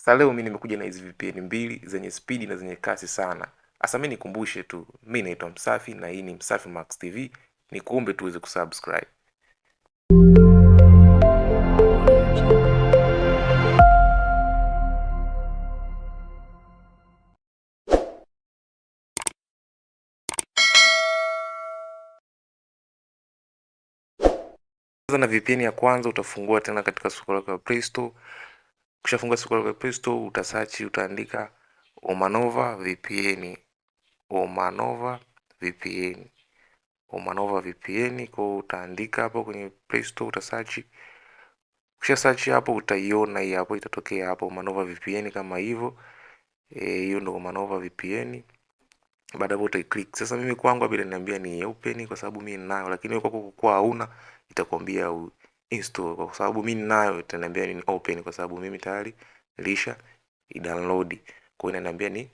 Sasa leo mi nimekuja na hizi VPN mbili zenye spidi na zenye kasi sana. Sasa mi nikumbushe tu, mi naitwa Msafi na hii ni Msafi Max TV, tu tuweze kusubscribe. Na VPN ya kwanza utafungua tena katika soko lako la Play Store. Ukishafungua SQL kwa Play Store utasearch, utaandika Omanova VPN, Omanova VPN, Omanova VPN. Kwa utaandika hapo kwenye Play Store utasearch, ukisha search hapo utaiona hii hapo, itatokea hapo Omanova VPN kama hivyo. E, hiyo e, ndo Omanova VPN. Baada hapo utaiclick. Sasa mimi kwangu bila niambia ni open kwa sababu mimi ninayo, lakini wewe kwako kwa hauna itakwambia install kwa sababu mimi ninayo itaniambia ni open kwa sababu mimi tayari lisha download kwa hiyo inaniambia ni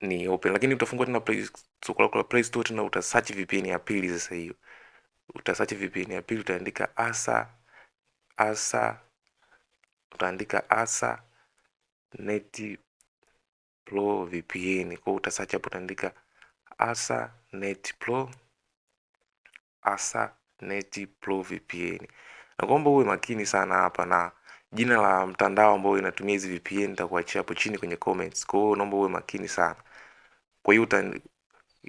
ni open lakini utafungua tena play soko lako la play store tena utasearch VPN ya pili sasa hiyo utasearch VPN ya pili utaandika asa asa utaandika asa net pro VPN kwa utasearch hapo utaandika asa net pro asa neti Pro VPN. Nakuomba uwe makini sana hapa na jina la mtandao ambao inatumia hizi VPN nitakuachia hapo chini kwenye comments. Kwa hiyo naomba uwe makini sana. Kwa hiyo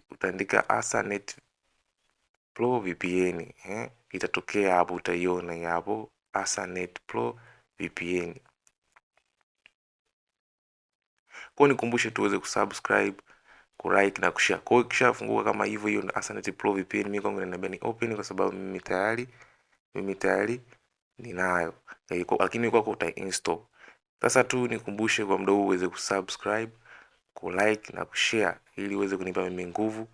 utaandika net Pro VPN eh, itatokea hapo, utaiona hapo net Pro VPN. Kwa nikumbushe tuweze kusubscribe kulike na kushare. Kwa hiyo ikishafunguka kama hivyo, hiyo Asante Pro VPN mimi kwangu ninaambia ni open, kwa sababu mimi tayari mimi tayari ninayo, lakini kwako uta install. Sasa tu nikumbushe kwa mda uweze kusubscribe, kulike na kushare, ili uweze kunipa mimi nguvu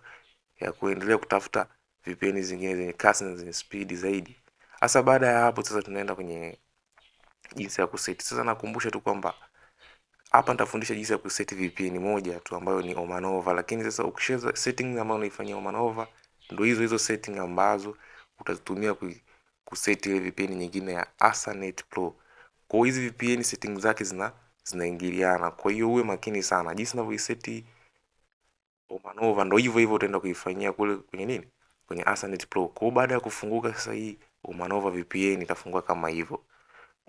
ya kuendelea kutafuta VPN zingine zenye kasi na zenye speed zaidi. Hasa baada ya hapo, sasa tunaenda kwenye jinsi ya kuseti. Sasa nakumbusha tu kwamba hapa nitafundisha jinsi ya kuseti VPN moja tu ambayo ni Omanova, lakini sasa ukisheza setting ambayo unaifanyia Omanova ndio hizo hizo setting ambazo utazitumia kuseti ile VPN nyingine ya Asanet Pro. Kwa hizi VPN setting zake zina zinaingiliana, kwa hiyo uwe makini sana jinsi unavyoiseti Omanova, ndio hivyo hivyo utaenda kuifanyia kule kwenye nini, kwenye Asanet Pro. Kwa baada ya kufunguka sasa hii Omanova VPN itafungua kama hivyo.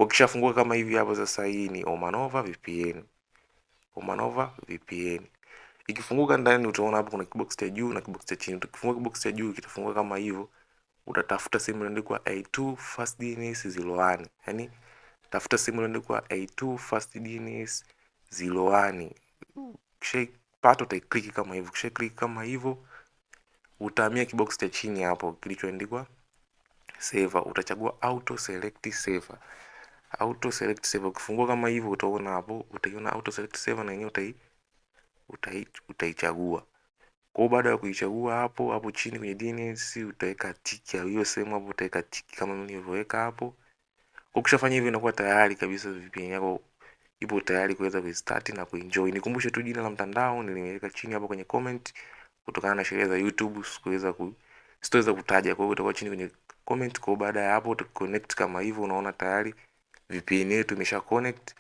Ukishafungua kama hivi hapo, sasa hii ni Omanova VPN. Omanova VPN ikifunguka ndani, utaona hapo kuna kibox cha juu na kibox cha chini. Ukifungua kibox cha juu kitafungua kama hivyo, utatafuta simu iliyoandikwa A2 fast DNS 01, Yaani tafuta simu iliyoandikwa A2 fast DNS 01. Kisha pato pata click kama hivyo, kisha click kama hivyo, utahamia kibox cha chini hapo kilichoandikwa server, utachagua auto select server auto select save. Ukifungua kama hivyo, utaona hapo, utaiona auto select save na yenyewe utai utaichagua utai kwa baada ya kuichagua hapo hapo chini kwenye DNS utaweka tick ya hiyo sehemu hapo, utaweka tick kama nilivyoweka hapo. Kwa ukishafanya hivyo, inakuwa tayari kabisa VPN yako ipo tayari kuweza kuistart na kuenjoy. Nikumbushe tu jina la mtandao niliweka chini hapo kwenye comment, kutokana na sheria za YouTube sikuweza ku sitoweza kutaja, kwa hiyo utakuwa chini kwenye comment. Kwa baada ya hapo, uta connect kama hivyo, unaona tayari VPN yetu imesha connect.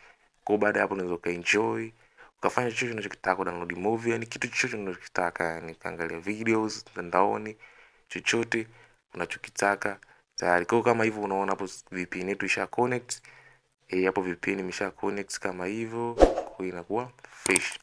Kwa baada ya hapo unaweza ukaenjoy ukafanya chochote unachokitaka, download movie, yani kitu chochote unachokitaka, yani kaangalia videos mtandaoni, chochote unachokitaka tayari. Kwa kama hivyo, unaona hapo VPN yetu isha connect eh, hapo VPN imesha connect kama hivyo, kwa inakuwa fresh.